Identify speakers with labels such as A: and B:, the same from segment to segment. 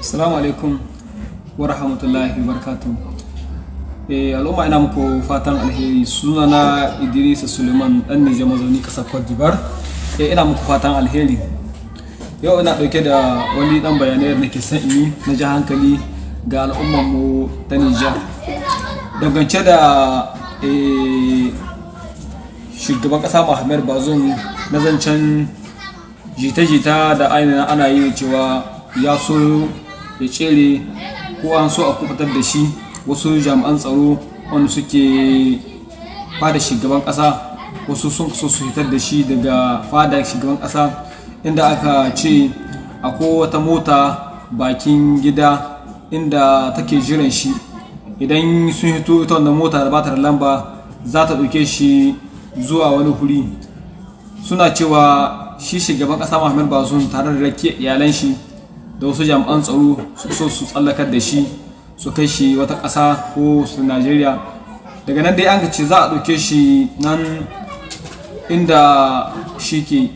A: Assalamu alaikum wa rahmatullahi wa barakatuh. Eh, al'umma ina muku fatan alheri sunana Idrisa Suleiman dan Nijar mazauni kasar Cote d'Ivoire. Eh, ina muku fatan alheri. Yau ina dauke da wani dan bayanai da nake san yi na ji hankali ga al'umman mu ta Nijar. Dangance da eh, shugaban kasa Muhammad Bazoum na zancen jita-jita da ainihin ana yi cewa ya so ya cere ko an so a kubutar da shi wasu jami'an tsaro wanda suke fada shugaban kasa wasu sun so su fitar da shi daga fada shugaban kasa inda aka ce akwai wata mota bakin gida inda take jiran shi idan sun hito ita wannan mota da batar lamba za ta ɗauke shi zuwa wani huri suna cewa shi shugaban ƙasa muhammad bazum tare da rake iyalan shi da wasu jami'an tsaro su so su tsallakar da shi su kai shi wata ƙasa ko su najeriya daga nan dai an ce za a ɗauke shi nan inda shi ke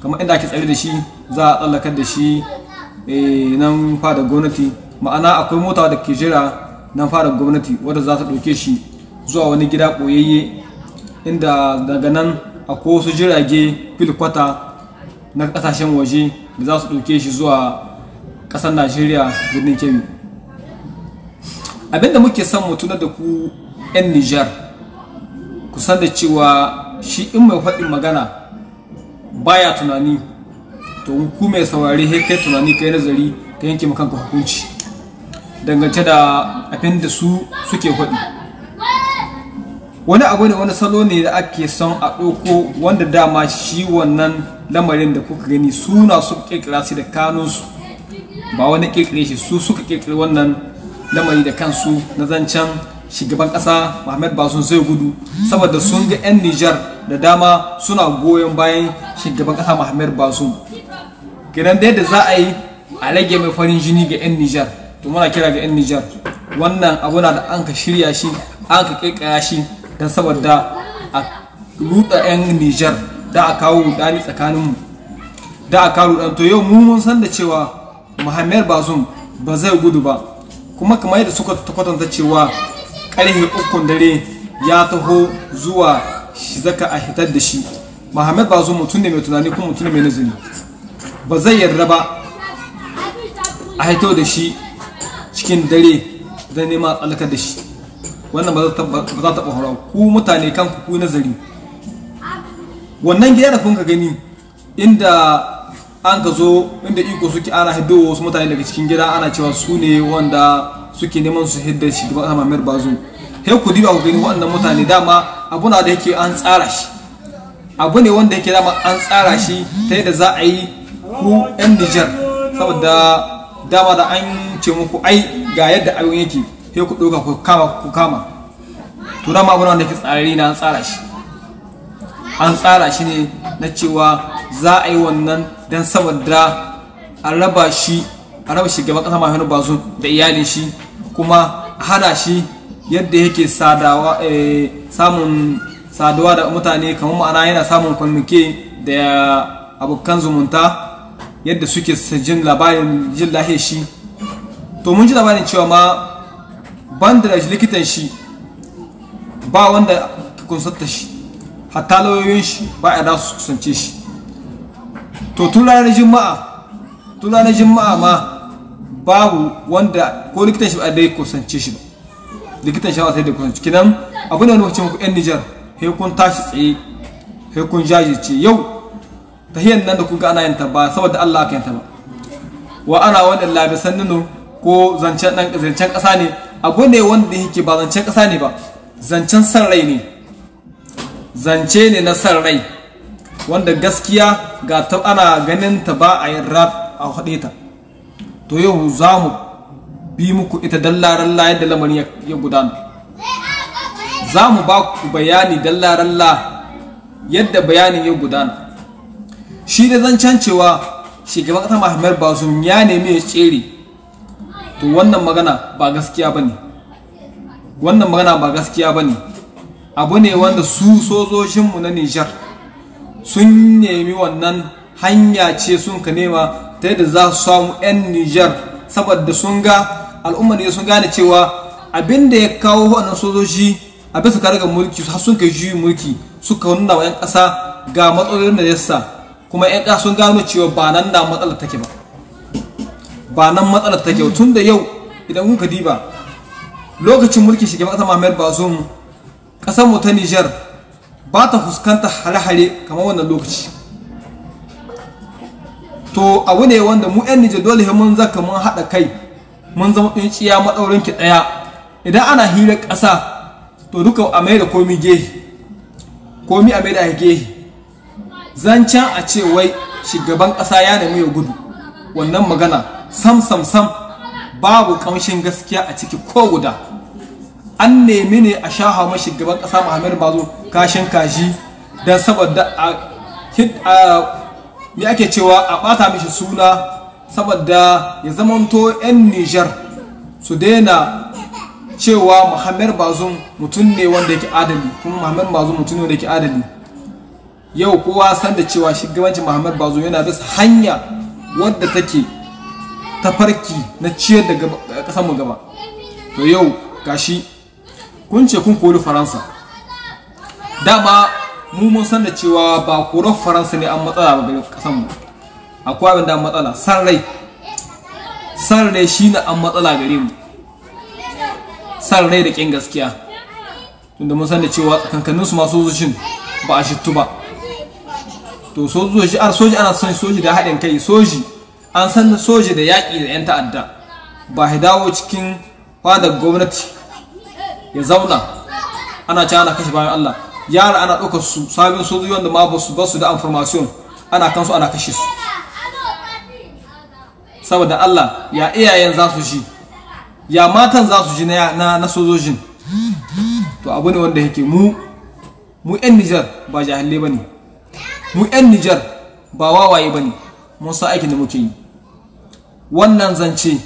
A: kamar inda ake tsare da shi za a tsallakar da shi eh, nan fadar gwamnati ma'ana akwai mota da ke jira nan fadar gwamnati wadda za ta ɗauke shi zuwa wani gida ɓoyayye inda daga nan akwai wasu jirage filkwata na kasashen waje da za su ɗauke shi zuwa ƙasar najeriya birnin kebbi abinda muke son mu tunar da ku 'yan nijar ku san da cewa shi in mai faɗin magana baya tunani to ku mai saurari kai tunani kai nazari ta yanke maka hukunci dangance da abin da su suke faɗi wani abu ne wani salo ne da ake son a ɗauko wanda dama shi wannan lamarin da kuka gani suna su kirkira su da kanunsu ba wani kirkire shi su suka kirkiri wannan lamari da kansu na zancen shugaban ƙasa Muhammad Bazoum zai gudu saboda sun ga 'yan Nijar da dama suna goyon bayan shugaban ƙasa Muhammad Bazoum kenan da yadda za a yi a rage mai farin jini ga 'yan Nijar to muna kira ga 'yan Nijar wannan abu na da an ka shirya shi an ka kirkira shi don saboda a ruɗa 'yan nijar da a kawo tsakanin tsakaninmu da a kawo rudani to yau mu mun san da cewa muhammed bazum ba zai gudu ba kuma kamar yadda suka kwatanta cewa ƙarfe ukun dare ya taho zuwa shi zaka a hitar da shi muhammed bazum mutum ne mai tunani kuma mutum ne mai nazari ba zai yarda ba a hito da shi cikin dare da neman tsalaka da shi wannan ba za ta taɓa horo ku mutane kan ku nazari wannan gida da kun ka gani inda an ka zo inda iko suke ana hiddo wasu mutane daga cikin gida ana cewa su ne wanda suke neman su hidda shi gaban Ahmad Mir Bazum he ku diba ku gani wannan mutane dama abu na da yake an tsara shi abu ne wanda yake dama an tsara shi ta yadda za a yi ku yan Nijar saboda dama da an ce muku ai ga yadda abin yake sai ku ɗauka ku kama ku kama to dama abu wanda ke tsarari na an tsara shi an tsara shi ne na cewa za a yi wannan dan saboda a raba shi a raba shugaban ƙasa mahimman bazu da iyalin shi kuma a shi yadda yake eh, samun saduwa da mutane kamar ma'ana yana samun kwanuke da abokan zumunta yadda suke jin labarin jin lahe shi to mun ji labarin cewa ma bandage likitan shi ba wanda kunsanta shi hatta lauyoyin shi ba a da su kusance shi to tun ranar juma'a tun ranar juma'a ma babu wanda ko likitan shi ba da kusance shi ba likitan shi ba sai da kusance kinan abu da wani muku yan nijar sai kun tashi tsaye sai kun jajirce yau tahiyan nan da kuka ana yin ta ba saboda Allah aka yin ta ba wa ana wanda labisan nuno ko zancen dan zancen ƙasa ne abu ne wanda yake ba zancen ƙasa ne ba zancen san rai ne zance ne na san rai wanda gaskiya ga ta ana ganin ta ba a yin rap a haɗe ta to yau za mu bi muku ita dan laralla yadda lamarin ya gudana za mu ba ku bayani dan laralla yadda bayanin ya gudana shi da zancen cewa shugaban ƙasa mahimmar bazum ya nemi ya tsere to wannan magana ba gaskiya ba ne wannan magana ba gaskiya ba ne abu ne wanda su sojojinmu na nijar sun nemi wannan hanya ce sun ka nema ta yadda za su samu 'yan nijar saboda sun ga al'ummar ne sun gane cewa abin da ya kawo wannan sojoji a bisa karagar mulki har sun ka juyin mulki suka nuna wa 'yan ƙasa ga matsalolin da yasa kuma 'yan ƙasa sun gano cewa ba nan da matsalar take ba ba nan matsalar ta kyautun tun da yau idan kun diba lokacin mulki mulkin shugaban mamayar ba Bazoum ƙasar mu ta Niger ba ta fuskanta hare-hare kamar wannan lokaci to abu ne wanda mu 'yan Niger dole mun zaka mun haɗa kai mun zama tsinciya maɗaurin ki ɗaya idan ana hira kasa to duka a mai da komi gehe komi a mai da ge zancen a ce wai shugaban ƙasa ya nemi ya gudu wannan magana sam sam sam babu kamshin gaskiya a ciki ko guda an nemi ne a shaha mashi gaban ƙasa muhammadu bazo kashin kashi don saboda a me ake cewa a ɓata mishi suna saboda ya zamanto 'yan nijar su daina cewa muhammad bazo mutum ne wanda yake adali kuma muhammad bazo mutum ne wanda yake adali yau kowa san da cewa shugabancin muhammad bazo yana bisa hanya wadda take tafarki na ciyar da ƙasar mu gaba to yau gashi kun ce kun koli faransa dama mu mun san da cewa ba korar faransa ne an matsala ba ga ƙasar mu akwai abin da an matsala san rai san rai shine an matsala gare mu san rai da ƙin gaskiya tunda mun san da cewa tsakankanin su masu zucin ba a shittu ba to soji soji ana son soji da haɗin kai soji an san soja da yaƙi da 'yan ta'adda ba ya dawo cikin fadar gwamnati ya zauna ana ci ana kashe bayan Allah yara ana ɗaukar su sabin sojoji wanda ma ba su ba su da information ana kan su ana kashe su saboda Allah ya iyayen za su ji ya matan za su ji na na sojojin to abu ne wanda yake mu mu 'yan Nijar ba jahilai bane. mu 'yan Nijar ba wawaye bane. ne mun sa aikin da muke yi wannan zance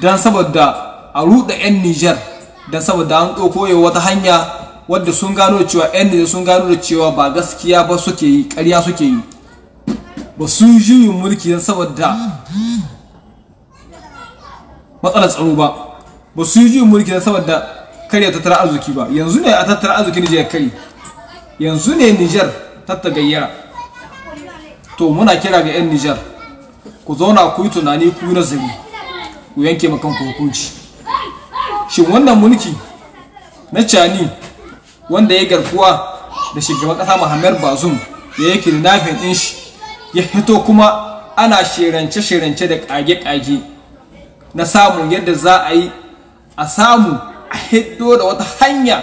A: don saboda a ruɗa 'yan Nijar don saboda an ɗauko wata hanya wadda sun gano cewa 'yan Nijar sun gano da cewa ba gaskiya ba suke yi ƙarya suke yi ba sun juyin mulki don saboda matsalar tsaro ba ba su yi juyin mulki don saboda karya tattara arziki ba yanzu ne a tattara arziki Nijar kai. yanzu ne Nijar tattagayyara to muna kira ga 'yan Nijar ku zauna ku yi tunani ku yi nazari ku yanke makan hukunci shin wannan mulki na cani wanda ya garkuwa da shugaban ƙasa muhammad bazum ya yi kidnapping din shi ya fito kuma ana shirance-shirance da kage ƙage na samun yadda za a yi a samu a hiddo da wata hanya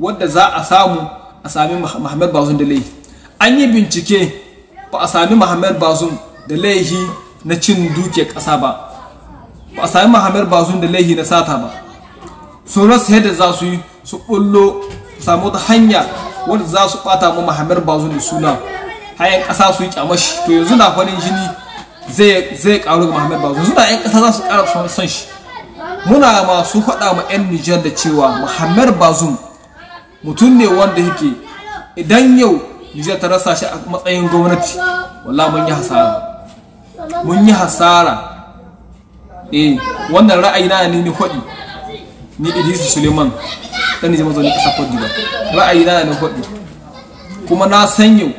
A: wadda za a samu a sami muhammad bazum da laifi an yi bincike ba a sami muhammad bazum da laifi na cin dukiyar ƙasa ba ba a sami mahamar bazun da laihi na sata ba su rasa yadda za su yi su ɓullo samu wata hanya wadda za su ɓata ma mahamar bazun da suna hayan ƙasa su yi kyamashi to yanzu na farin jini zai ƙaru ga mahamar bazun suna 'yan ƙasa za su ƙara son shi muna masu faɗa ma 'yan nijar da cewa mahamar bazun mutum ne wanda yake idan yau nijar ta rasa shi a matsayin gwamnati wala mun yi hasara mun yi hasara eh wannan ra'ayi na ne ni ni Idris Suleiman dan ne ra'ayi na ne hudi kuma na san yau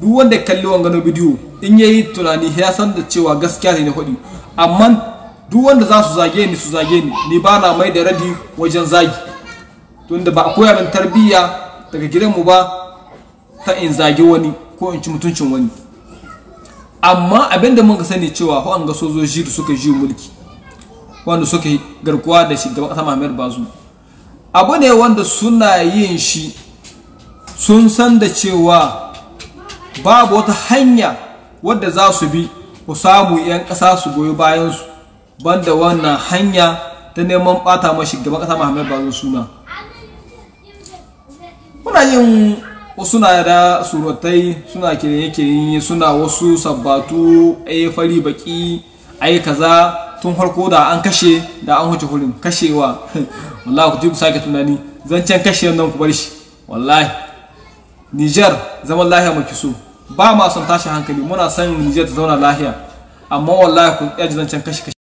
A: duk wanda ya kalli wannan bidiyo in yayi tunani ya san da cewa gaskiya ne hudi amma duk wanda za su zage ni su zage ni ni ba na mai da radi wajen zagi tunda ba a koya min tarbiyya daga mu ba ta in zage wani ko in ci mutuncin wani amma abinda mun sani cewa an ga sojoji da suka ji mulki wanda suka garkuwa da shugaban ƙasa Muhammadu bazu abu ne wanda suna yin shi sun san da cewa babu wata hanya wadda za su bi ku samu 'yan ƙasa su goyi bayansu banda wannan hanya ta neman ɓata mashi gaba ƙasa Muhammadu bazu suna muna yin wasu na da surutai suna kirinye-kirinye suna wasu sabbatu yi fari baki yi kaza tun farko da an kashe da an huce hulun kashewa wallahi ku ji ku sake tunani zancen kashe nan ku bar shi wallahi Niger zaman lahiya maki so ba ma son tashi hankali muna son Niger ta zauna lahiya amma wallahi ku ji zancen kashe kashe